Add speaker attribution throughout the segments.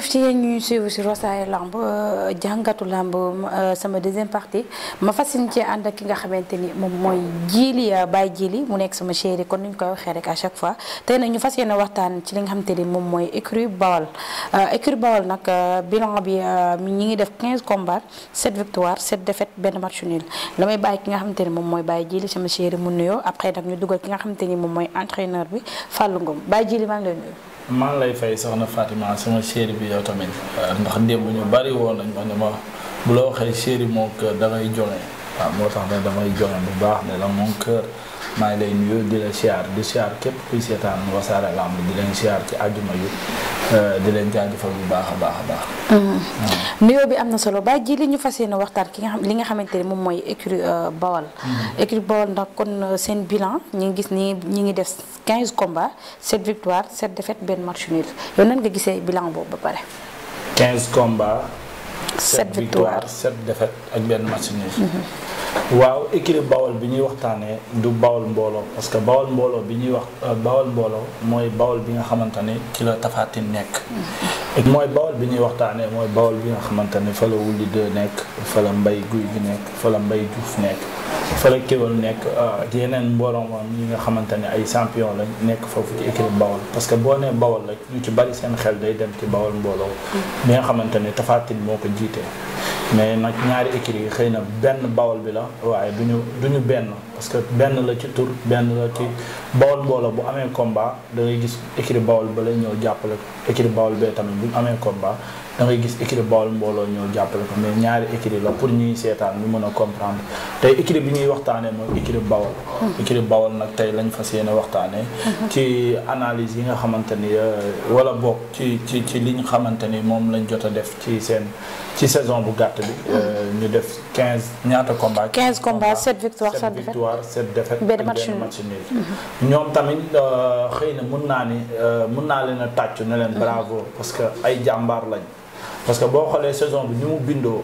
Speaker 1: jërëjëf ci yéen ñuy suivre sur Wassare Lamb euh, jàngatu lamb euh, sama deuxième partie ma fasin ci ànd ak ki nga xamante ni moom mooy Djily euh, Baye Djily mu nekk sama chéri kon ni ñu koy waxee rek a chaque fois tey nag ñu fas yéene waxtaan ci li nga xamante ni moom mooy écurie Bawol écurie Bawol nag bilan bi ñi ngi def 15 combats 7 victoires 7 défaites benn match nul la may bàyyi ki nga xamante ni moom mooy Baye Djily sama chéri mu nuyoo après nag ñu dugal ki nga xamante ni moom mooy entraîneur bi Fallou Ngom Baye Djily maa ngi lay nuyu
Speaker 2: maa ngi lay fay soxna faatiment suma chéri bi yow tamit ndax démb ñu bari woon nañ ma ne ma bu la waxee chéri mon cœur da ngay jone waaw moo tax ne damay jone bu baax ne la mon cœur maa ngi lay nuyu di la siyaar di siyaar képp kuy seetaan wasaare lamb di leen siyaar ci àjjuma yu euh, di leen jaajëfal bu baax a baax a baax. Mmh.
Speaker 1: nuyoo bi am na solo ba ji li ñu fas yéene waxtaan ki nga xam li nga xamante ne moom mooy écurie euh, Bawal. Mmh. écurie Bawal ndax kon euh, seen bilan ñi ngi gis ni ñu ngi def quinze combats 7 victoires set défaites benn match nul yow nan nga gisee bilan boobu ba pare.
Speaker 2: quinze combats. 7 victoires 7 défaites ak benn match waaw écurie Bawol bi ñuy waxtaanee du Bawol mbooloo parce que Bawol mbooloo bi ñuy wax euh, Bawol mbooloo mooy Bawol bi nga xamante ki ci la tafaatin nekk. mooy Bawol bi ñuy waxtaanee mooy Bawol bi nga xamante ne fa la Wouly 2 nekk fa la Mbaye Gouye Gui nekk fa la Mbaye Diouf nekk fa la Kéwél nekk ak euh, yeneen mbooloomam yi nga xamante ne ay champion lañ nekk foofu ci écurie Bawol parce que boo nee Bawol rek ñu ci bari seen xel day dem ci Bawol mbooloo. bi nga xamante ne tafaatin moo ko jiitee mais nag ñaari écuries yi xëy na benn bawol bi la waaye du ñu du ñu benn. parce que benn la ci tur benn la ci bawol boola bu amee combat da ngay gis écurie bawol ba la ñëw jàppale ko écurie bee tamit bu amee combat da ngay gis écurie bawol mbooloo ñëw jàppale ko mais ñaari écurie la pour ñuy seetaan ñu mën a comprendre tey écurie bi ñuy waxtaanee mooy écurie bawol hmm. écurie bawol nag tey lañ fa yéene waxtaanee hmm. ci analyse yi nga xamante ni euh, wala boog ci ci ci li ñu xamante ni moom lañ jot a def ci seen ci saison bu gàtt bi hmm. euh, ñu def quinze ñaata combat
Speaker 1: quinze combat sept victoire
Speaker 2: victoire sept défaites benn match nul mhm. ñoom tamit euh, xëy na mun naa ni euh, mun naa leen a tàccu ne leen mhm. bravo parce que ay jàmbaar lañ parce que boo xoolee saison bi ñu mu bindoo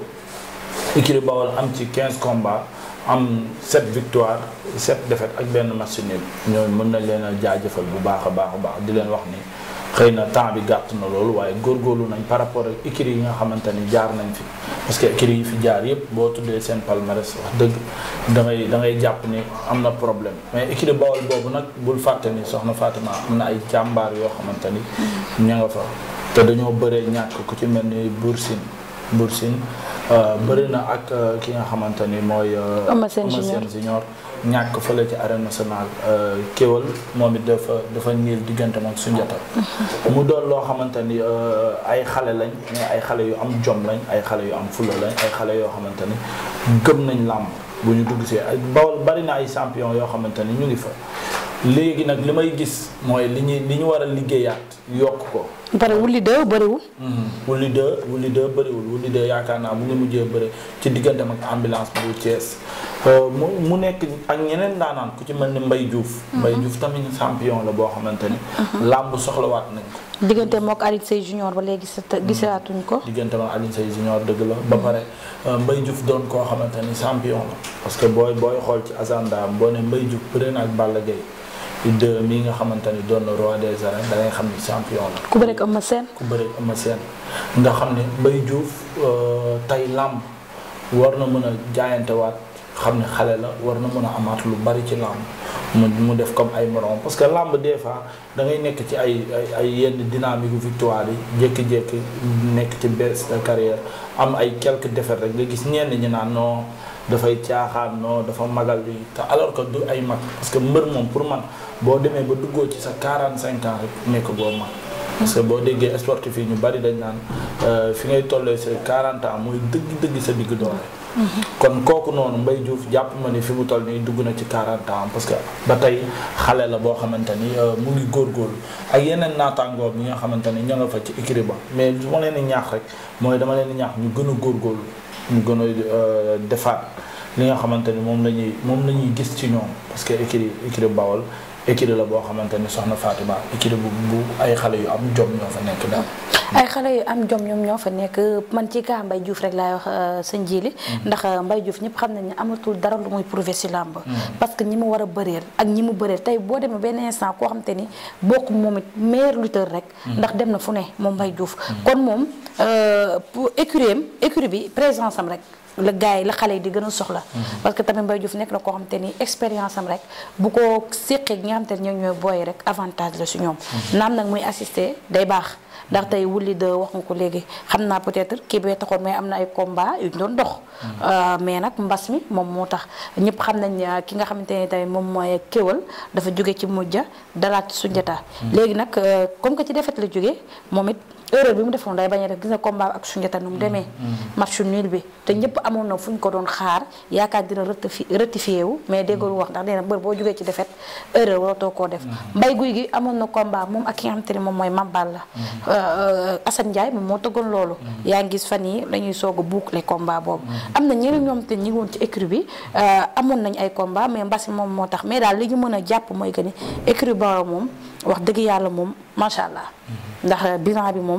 Speaker 2: équipe Bawol am ci quinze combats am sept victoire sept defet ak benn match nul ñooñu mën na leen a jaajëfal bu baax a baax a baax di leen wax ni xëy na temps bi gàtt na loolu waaye góorgóorlu nañ par rapport ak équipe yi nga xamante ni jaar nañ fi parce que écuries yi fi jaar yëpp boo tuddee seen palmarès wax dëgg da ngay da ngay jàpp ni am na problème mais écurie Bawol boobu nag bul fàtte ni soxna Fatima am na ay jàmbaar yoo xamante ni ñu nga fa te dañoo bëree ñàkk ku ci mel ni Bour Sine Bour Sine euh, bëri na ak euh, ki nga xamante ni mooy. Ama euh, Sène Junior ñàkk fële ci arène national kéwal moom it dafa dafa niil diggante moom Sunjata mu doon loo xamante ni ay xale lañ mais ay xale yu am jom lañ ay xale yu am fulla lañ ay xale yoo xamante ni gëm nañ làmb bu ñu dugg see ay bawol bari na ay champion yoo xamante ni ñu ngi fa léegi nag li may gis mooy li ñuy li ñu war a liggéeyaat yokk ko.
Speaker 1: bëri mm-hmm. wulli de bëriwul.
Speaker 2: wulli de wulli de bëriwul wulli de yaakaar naa mu ngi mujjee bëri ci diggante mag ambulance bu Thiès euh, mu mu nekk ak ñeneen daanaan ku ci mel ni mbay Diouf. Mm-hmm. Mbaye Diouf tamit sampion la boo xamante ni. Mm-hmm. làmb soxlawaat nañ ko.
Speaker 1: diggante mook Alioune Seye junior ba léegi gisaatuñ
Speaker 2: ko. diggante mook Alioune Seye junior dëgg la ba pare euh, mbay Diouf doon koo xamante ni champion la parce que booy booy xool ci agenda boo ne mbay Diouf bëre na ak Balla Gaye de mii nga xamante doon roi des arènes da xam ni champion la.
Speaker 1: ku bëreeg Eumeu Sène.
Speaker 2: ku bëreeg nga xam ne Mbaye Diouf euh, tey làmb war na mën a jaayantewaat xam ne xale la war na mën amaat lu bari ci làmb mu mu def comme ay morom parce que làmb des fois da nekk ci ay ay yenn dynamique victoire yi jékki-jékki nekk ci baisse de carrière am ay quelques défaites rek nga gis ñenn ñi naan non. dafay caaxaan non dafa magal li te alors que du ay mag parce que mbër moom pour man boo demee ba duggoo ci sa cinq ans rek nekk boo mag. parce boo déggee sportif yi ñu bari dañ naan euh, fi ngay tollee sa 40 ans mooy dëgg-dëgg sa digg doon kon kooku noonu mbay Diouf jàpp ma ne fi mu toll nii dugg na ci 40 ans parce que ba tey xale la boo xamante ni euh, mu ngi góor góor ak yeneen naataangoo bi nga xamante ni ña nga fa ci écurie ba mais su ma leen di rek mooy dama leen ñaax ñu gën a góorgóorlu. ñu gën a euh, defaat li nga xamante ni moom la ñuy moom la ñuy gis ci ñoom parce que écurie écurie Bawol équipe la boo xamante ni soxna Fatima équipe bu bu ay xale yu am jom ñoo fa nekk daal.
Speaker 1: ay xale yu am jom ñoom ñoo fa nekk man ci kaa Mbaye Diouf rek laay wax euh, sëñ Jili mm. ndax euh, mbay Diouf ñëpp xam nañ ni amatul dara lu muy prouver si làmb mm. parce que ñi mu war a bëreel ak ñi mu bëreel tey boo demee benn instant koo xam ni bokk moom it meilleur lutteur rek mm. ndax dem na fu ne moom Mbaye Diouf kon moom euh, écurie am écurie bi présence am rek la gars yi la xale yi di gën a soxla. Mhm. parce que tamit Mbaye Diouf nekk na koo xam te ni expérience am rek bu ko séqee ñi nga xam te ne ñoom rek avantage la ñoom. Mhm. naam nag muy assister day baax. ndax mhm. tey wulli de wax nga ko léegi xam naa peut-être kii bee taxoon mais am na ay combat yu ñu doon dox. Euh, mais nag mbas mi moom moo tax ñëpp xam nañ euh, ki nga xamante ne tey moom mooy kéwal dafa jóge ci mujja dalaat ci sunjata. léegi nag euh, comme que ci defet la jóge moom it. erreur bi mu defoon day bañ a def gis nga combat ak Sunjata nu mu mm-hmm. demee. Mm-hmm. match nul bi te ñëpp amoon na fu ñu ko doon xaar yaakaar dina rectifié rectifié wu mais déggul mm-hmm. wax ndax nee na boo jógee ci defet erreur waratoo koo def. mbay amoon na combat moom ak ki nga xamante moom mooy Mambal la. Euh, euh, Assane Ndiaye moom moo tëggoon loolu. yaa ngi gis fan yi dañuy soog a boucler combat boobu. am na ñeneen ñoom te ñi woon ci écurie bi euh, amoon nañ ay combat mais mbas moom moo tax mais daal li ñu mën a jàpp mooy que ni écurie ba moom wax dëgg yàlla moom macha allah ndax bilan bi moom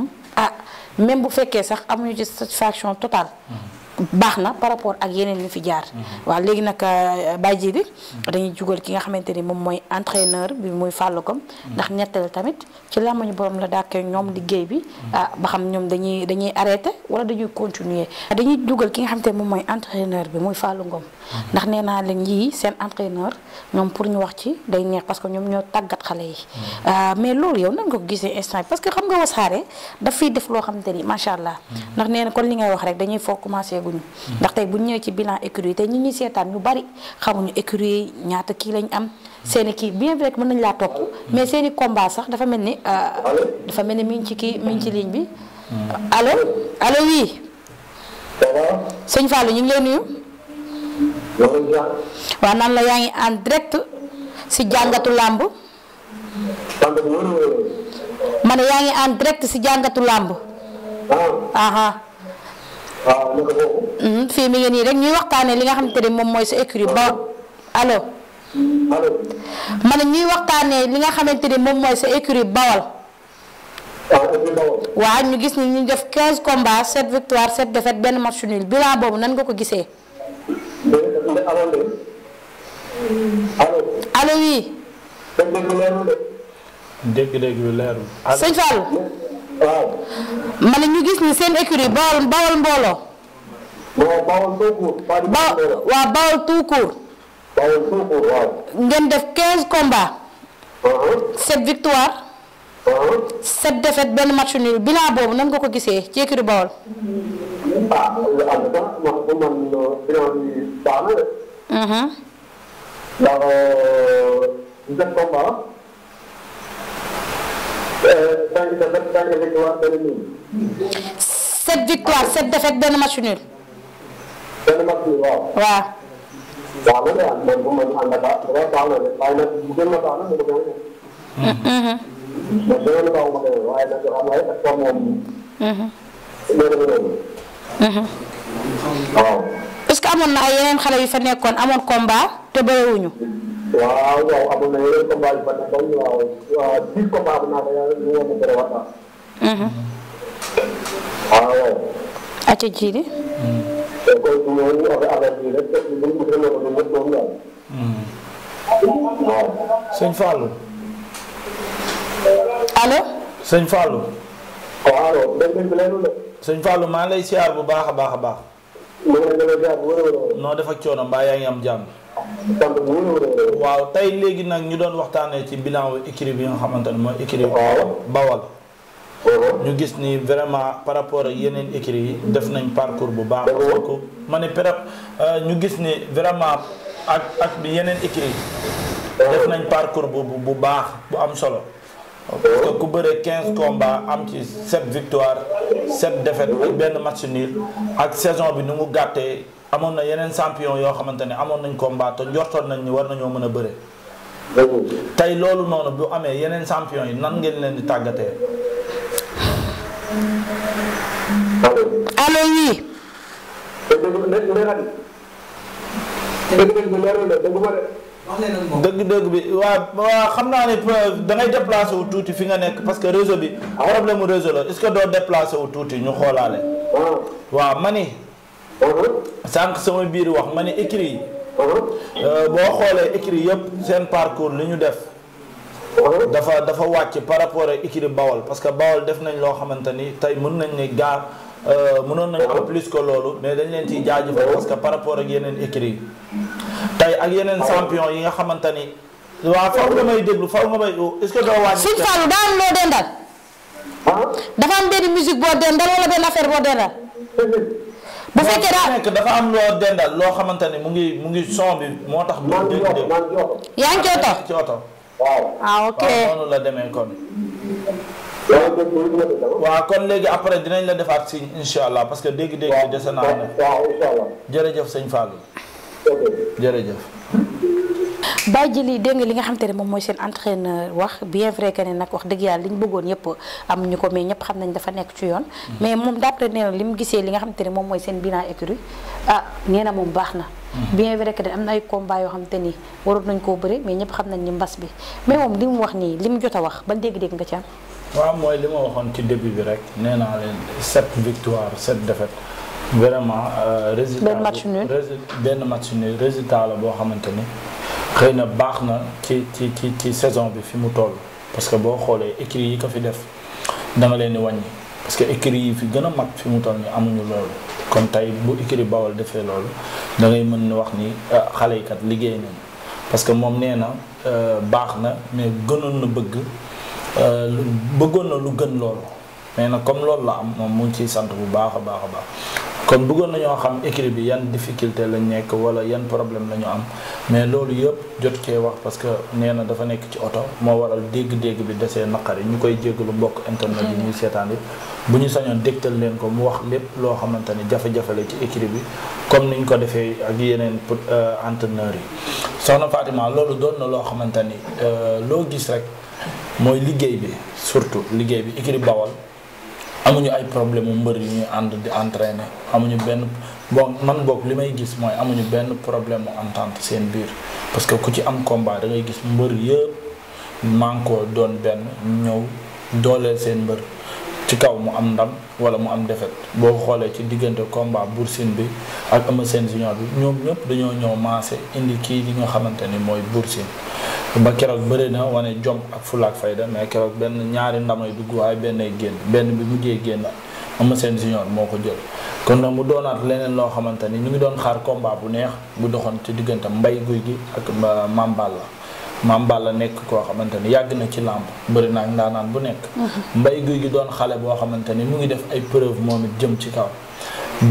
Speaker 1: même bu fekkee sax amuñu ci satisfaction totale mm-hmm. baax na par rapport ak yeneen yu fi jaar. Mhm. waaw léegi nag euh, Baye Djili mhm. dañuy jugal ki nga xamante ni moom mooy entraîneur bi muy Fallou Gom mhm. ndax ñetteel tamit ci ñu borom la dàkkee ñoom liggéey bi. ah ba xam ñoom dañuy dañuy arrêté wala dañuy continuer dañuy jugal ki nga xam xamante ni moom mooy entraîneur bi muy Fallou ngoom ndax nee naa leen yii seen entraîneur ñoom pour ñu wax ci day neex parce que ñoom ñoo tàggat xale yi. Ah, mais loolu yow nan nga ko gisee instant parce que xam nga wasaare daf def loo xamante ni macha allah. ndax nee na kon li ngay xamaguñu ndax tey bu ñëwee ci bilan écurie tey ñi ñuy seetaan ñu bari xamuñu yi ñaata kii lañ am seeni kii bi vrai que mën nañ laa topp mais seeni combat sax dafa mel ni euh, dafa mel ni mi ngi ci kii mi ngi ci ligne bi allo allo oui sëñ Fallou ñu ngi lay nuyu waaw naan la yaa ngi en direct si jàngatu làmb ma ne yaa ngi en direct si jàngatu làmb ah. waaw naka foofu. fii mi ngi nii rek ñuy waxtaanee li nga xam ne moom mooy sa écurie ba allo. allo. ma ñuy waxtaanee li nga xamante ne moom mooy sa écurie Bawal. waaw ñu gis ni ñu def 15 combats 7 victoires 7 défaites benn match nul bilan boobu nan nga ko gisee. allo. allo oui.
Speaker 2: dégg waaw.
Speaker 1: ma ne ñu gis ni seen écurie bawal bawal mbooloo. waaw bawal tout court. waaw bawal tout court. ngeen def 15 combats. 7 victoire. 7 défaites benn match nul bilan boobu nan nga ko gisee ci écurie bawal. sept victoire sept défaite benn match
Speaker 2: waaw. waaw. a
Speaker 1: que amoon na ay yeneen xale yu fa nekkoon amoon combat te bëriwuñu.
Speaker 2: waaw waaw amoon na yeneen combat yu fa nekkoon waaw waaw di. kon kon ñooñu affaire bi rek def nañu ko maa ngi lay siyaar bu baax a baax a baax. maa ngi def ak coono mbaa yaa ngi am jàmm. waaw tey léegi nag ñu doon waxtaanee ci bilan wu écurie bi nga xamante ne mooy écurie Bawal ñu gis ni vraiment par rapport ak yeneen écurie yi def nañ parcours bu baax parce ma ne prép euh, ñu gis ni vraiment ak ak yeneen écurie def nañ parcours bu bu baax bu am solo parce que ku bëre quinze combats am ci 7 victoire 7 défaites ak benn match nul ak saison bi nu mu gàttee amoon na yeneen champion yoo xamante ne amoon nañ koo mbaato njortoon nañ ni war nañoo mën a bëre. tey loolu noonu bu amee yeneen sampion yi nan ngeen leen di tàggatee. allo oui. dëgg-dëgg bi waa waaw xam naa ne da ngay déplacé wu tuuti fi nga nekk parce que réseau bi problème mu réseau la est-ce que doo déplacé wu tuuti ñu xoolaale. Ah. waaw mani sànq sama biir wax ma ne écrit yi euh, boo xoolee écrit yëpp seen parcours lu ñu def dafa dafa wàcc par rapport ak écrit Bawol parce que Bawol def nañ loo xamante ni tey mën nañ ne gaa euh, mënoon nañ ko plus que loolu mais dañ leen ciy jaajëfal parce que par rapport ak yeneen écrit yi tey ak yeneen champion yi nga xamante ni waaw faw nga may déglu faw nga may est-ce que doo wàññi suñ Fallou daa am
Speaker 1: loo dendal dafa am benn musique boo dendal wala benn affaire boo dendal
Speaker 2: bu fekkee daa nekk dafa am loo dendal loo xamante ne mu ngi mu ngi son bi moo tax. maa ngi yaa ngi ci ci oto. waaw
Speaker 1: ah, ok waaw
Speaker 2: la demee kon. waaw kon léegi après dinañ la defaat si incha allah parce que dégg-dégg. waaw waaw dese naa ne. jërëjëf sëñ Fallou. jërëjëf.
Speaker 1: bàyyi jëli dégg nga li nga xam te ne moom mooy seen entraîneur wax bien vrai que ne nag wax dëgg yàlla li ñu bëggoon yëpp amuñu ko mais ñëpp xam nañ dafa nekk ci yoon mm-hmm. mais moom d'après nee na li nga xam ne moom mooy seen bilan écurie ah nee na moom baax na mm-hmm. que ne na ay combat yoo xam te ni waroon nañ koo bëri mais ñëpp xam nañ ni mbas bi mais moom li mu wax nii li mu jot a wax ban dégg-dégg nga ci am
Speaker 2: waaw mooy li ma waxoon ci début bi rek nee naa leen sept victoire sept défaite vraiment euh, résultat la boo xamante ni xëy na baax na ci ci ci ci saison bi fi mu toll parce que boo xoolee écrit yi ko fi def da nga leen di wàññi parce que écrit yi fi gën a mag fi mu toll nii amuñu loolu kon tey bu écrit Bawol defee loolu da ngay mën wax ni ah, xale yi kat liggéey nañu parce que moom nee na euh, baax na mais gënoon na bëgg euh, lu bëggoon na lu gën loolu mais nag comme loolu la am moom mu ngi ciy sant bu baax a baax a baax kon bëggoon nañoo xam équipe bi yan difficulté lañ nekk wala yan problème la ñu am mais loolu yëpp jot cee wax parce que nee na dafa nekk ci oto moo waral dégg-dégg bi desee yi ñu koy jéggalu mbokk internet bi ñuy seetaan bu ñu sañoon dégtal leen ko mu wax lépp loo xamante ni jafe la ci équipe bi comme niñ ko defee ak yeneen euh, entraîneurs yi soxna Fatima loolu doon na loo xamante ni euh, loo gis rek mooy liggéey bi surtout liggéey bi équipe Bawol amuñu ay problème mu mbër yu ñuy ànd di entraîner amuñu benn bon man boog li may gis mooy amuñu benn problème mu entente seen biir parce que ku ci am combat da gis mbër yëpp mànkoo doon benn ñëw dooleel seen mbër ci kaw mu am ndam wala mu am defet boo xoolee ci diggante combat Bour Sine bi ak Eumeu seen junior bi ñoom ñëpp dañoo ñëw maase indi kii li nga xamante ni mooy Bour Sine ba keroog bëri na wane jom ak fulaak fayda mais keroog benn ñaari ndamay dugg waaye benn génn benn bi mujjee génn Eumeu Sène junior moo ko jël kon nag mu doonaat leneen loo xamante ni ñu ngi doon xaar combat bu neex bu doxoon ci diggante mbay guy gi ak Mame la Mame la nekk koo xamante ni yàgg na ci làmb bëri na ak ndaanaan bu nekk mhm. mbay guy gi doon xale boo xamante ni mu ngi def ay preuve moom it jëm ci kaw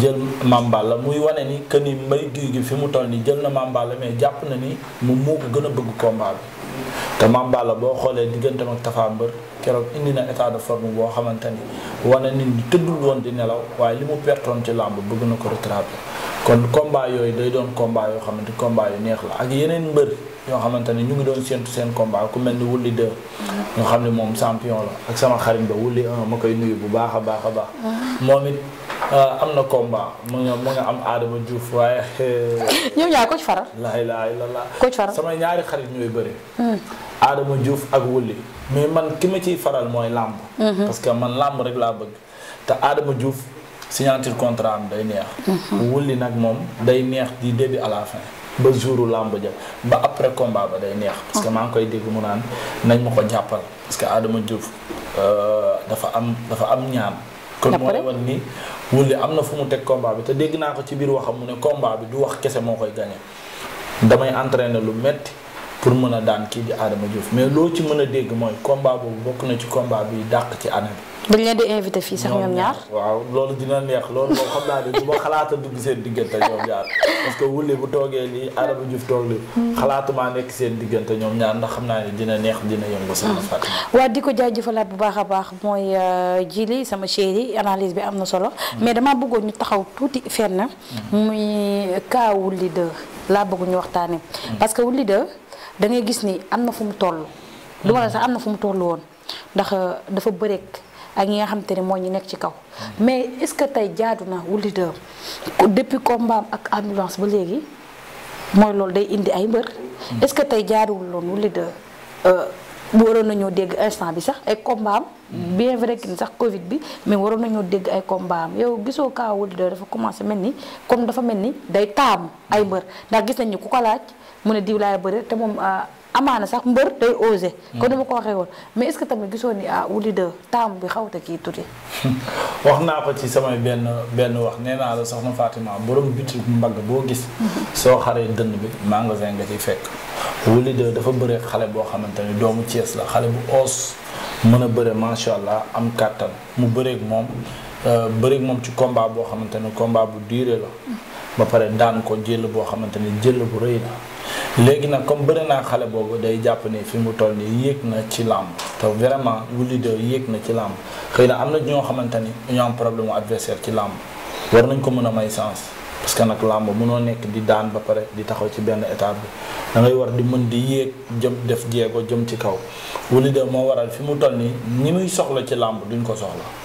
Speaker 2: jël mambala muy wane ni que ni mbay guy gi fi mu toll nii jël na mambala mais jàpp na ni mu moo ko gën a bëgg combat bi te mambala boo xoolee digganteem ak Tapha Mbeur keroog indi na état de forme boo xamante ni wane ni ñi tëddul woon di nelaw waaye li mu pertoon ci làmb bëgg na ko rattraper kon combat yooyu day doon combat yoo xamante ni combat neex la ak yeneen mbër yoo xamante ni ñu ngi doon séntu seen combat ku mel ni wulli 2 nga xam ne moom champion la ak sama xarit ba wulli 1 koy nuyu bu baax a baax a baax ah. Euh, am na combat mu nga mu am Adama Diouf waaye.
Speaker 1: ñoom ñaar ko ci faral.
Speaker 2: laay laay la ko ci faral sama ñaari xarit ñooy bëri. Hmm. Adama Diouf ak Wuli. mais man ki ma ciy faral mooy làmb. Hmm. parce que man làmb rek laa bëgg. te Adama Diouf signature contrat am day neex. Hmm. Wuli nag moom day neex di début à la fin. ba jouru làmb ja ba après combat ba day neex. parce que maa ngi koy dégg mu naan nañ ma ko jàppal parce que Adama Diouf euh, dafa am dafa am ñaan. kon mooy wan ni Wouly am na fu mu teg combat bi te dégg naa ko ci biir waxam mu ne combat bi du wax kese moo koy gagné damay entraîner lu metti pour mën a daan kii di Adama Diouf mais loo ci mën a dégg mooy combat boobu bokk na ci combat bi dàq ci année
Speaker 1: bi. leen di invité fii sax ñoom ñaar
Speaker 2: waaw loolu dina neex loolu moom xam naa ne ma xalaat dugg seen diggante ñoom ñaar parce que bu toogee lii Adama Diouf toog lii. seen diggante ñoom ñaar ndax xam naa ne dina neex dina yëngu sama hmm. Fatou.
Speaker 1: waa di ko jaajëfalaat bu baax a baax mooy euh, jili sama chéri analise bi am na solo. Hmm. mais damaa bëggoon ñu taxaw tuuti fenn. Hmm. muy kaawu Wouly 2 laa bëgg ñu waxtaanee. parce que da ngay gis ni am na fu mu toll. du ma la sax am na fu mu toll woon ndax euh, dafa bëreek ak ñi nga xamante ne moo ñu nekk ci kaw. Mm-hmm. mais est-ce que tey jaadu na Wouly 2 depuis combat ak ambulance ba léegi mooy loolu day indi ay mbër. Mm-hmm. est-ce que tey jaaduwul loon Wouly 2 euh, waroon nañoo dégg instant bi sax ay combat am bien vrai que sax Covid bi mais waroon nañoo dégg ay combat am yow gisoo kaa Wally Ballago dafa commencé mel ni comme dafa mel ni day taamu ay mbër ndax gis nañu ku ko laaj mu ne diw laay bëre te moom. Ah, amaana sax mbër day osé. ko hmm. dama ko waxee woon mais est-ce que tamit gisoo ni ah Wouly 2 taamu bi xaw te kii tuuti.
Speaker 2: wax naa ko ci samay benn benn wax nee naa la soxna Fatima borom bitu mbagg boo gis. Hmm. soo xaree dënn bi magasin nga ciy fekk. Wouly 2 dafa bëre xale boo xamante ni doomu Thiès la xale bu oos mën a bëre macha allah am kàttan mu bëreek moom euh, bëreeg moom ci combat boo xamante ni combat bu duré la. Hmm. ba pare daan ko jël boo xamante ni jël bu rëy la léegi nag comme bëri naa xale boobu day jàpp ni fi mu toll nii yéeg na ci làmb te vraiment Wouly 2 yéeg na ci làmb xëy na am na ñoo xamante ni ñu problème adversaire ci làmb war nañ ko mën a may sens parce que nag làmb mënoo nekk di daan ba pare di taxaw ci benn étape bi da ngay war di mën di yéeg jëm def jéego jëm ci kaw Wouly 2 moo waral fi mu toll nii ñi muy soxla ci làmb duñ ko soxla.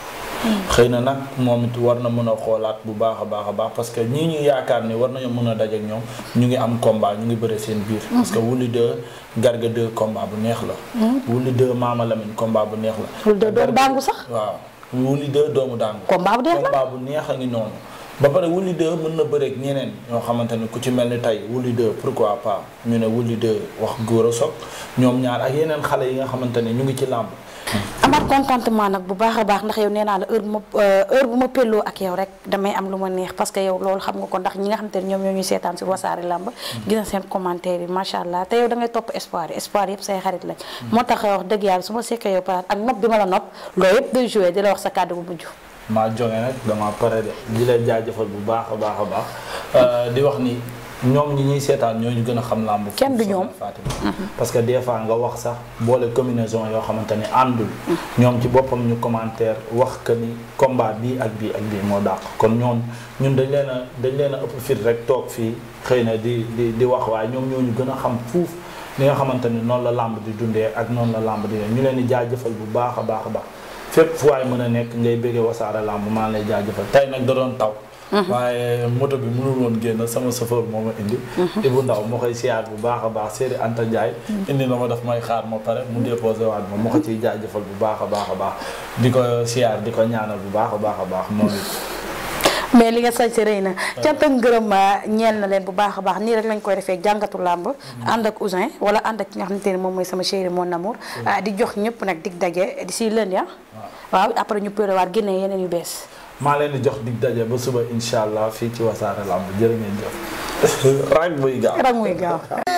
Speaker 2: xëy na nag moom it war na mën a xoolaat bu baax a baax a baax parce que ñii ñu yaakaar ni war nañoo mën a daje ak ñoom ñu ngi am combat ñu ngi bëre seen biir. Mhm. parce que Wouly 2 Garga 2 combat bu neex la. Mhm. Wouly 2 Mama Lamine combat bu neex la. Wouly sax. waaw Wouly 2 doomu daangu. combat bu neex la bu neex a ngi noonu. ba pare Wouly 2 mën na bëreeg ñeneen ñoo xamante ni ku ci mel ni tey Wouly 2 pourquoi pas ñu ne Wouly 2 wax góor a soog ñoom ñaar ak yeneen xale yi nga xamante ne ñu ngi ci làmb
Speaker 1: amaat contentement nag bu baax a baax ndax yow nee naa la heure bu ma euh, heure bu ma pelloo ak yow rek damay am lu ma neex parce que yow loolu xam nga ko ndax ñi nga xam te ne ñoom ñoo ñuy seetaan si wasaare làmb mm-hmm. gis na seen commentaire yi te yow da ngay topp espoir yi espoir yëpp say xarit lañ mm-hmm. moo tax wax dëgg yàlla su ma sekkee yow palaat ak nopp bi ma la nopp loolu yëpp day joué di la wax sa kàddu bu mujj
Speaker 2: maa joxe nag dama pare de di la jaajëfal bu baax a baax a baax euh, di wax ni ñoom ñi ñuy seetaan ñooñu gën a xam làmb kenn du ñoom Fatima mhm. parce que des fois nga wax sax boole combinaison yoo xamante ni àndul ñoom ci boppam ñu commentaire wax que ni combat bii ak bii ak bii moo dàq kon ñoom ñun dañ leen a dañ leen a ëpp fit rek toog fii xëy na di di di wax waaye ñoom ñooñu gën a xam fuuf li nga xamante ni noonu la làmb di dundee ak noonu la làmb di ñu leen di jaajëfal bu baax a baax a baax fépp fu mën a nekk ngay bëggee wasaare làmb maa lay jaajëfal tey nag da taw Mm-hmm. waaye moto bi mënul woon génn sama chauffeur moo ma indi. Mm-hmm. Ibou Ndaw moo koy siyaar bu baax a baax Seri Anta Ndiaye. Mm-hmm. indi na ma daf may xaar ma pare mu déposé waat ma ma ko ciy bu baax baax a baax di ko siyaar di ko ñaanal bu baax a baax a baax moom
Speaker 1: mais li nga sañ si rëy na cant gërëm ma ah, ñeel na leen bu baax a baax nii rek lañ koy defee jàngatu làmb ànd ak Ousin wala ànd ak ki nga xamante ne moom mooy sama chéri mon amour ah, di jox ñëpp nag dig daje di si lënd ya ah. waaw après ñu prévoir génne yeneen yu bees
Speaker 2: maa leen di jox dig daje ba suba incha allah fii ci wasaare lamb jërë ngeen jëf. rang muy gaaw rang
Speaker 1: muy gaaw.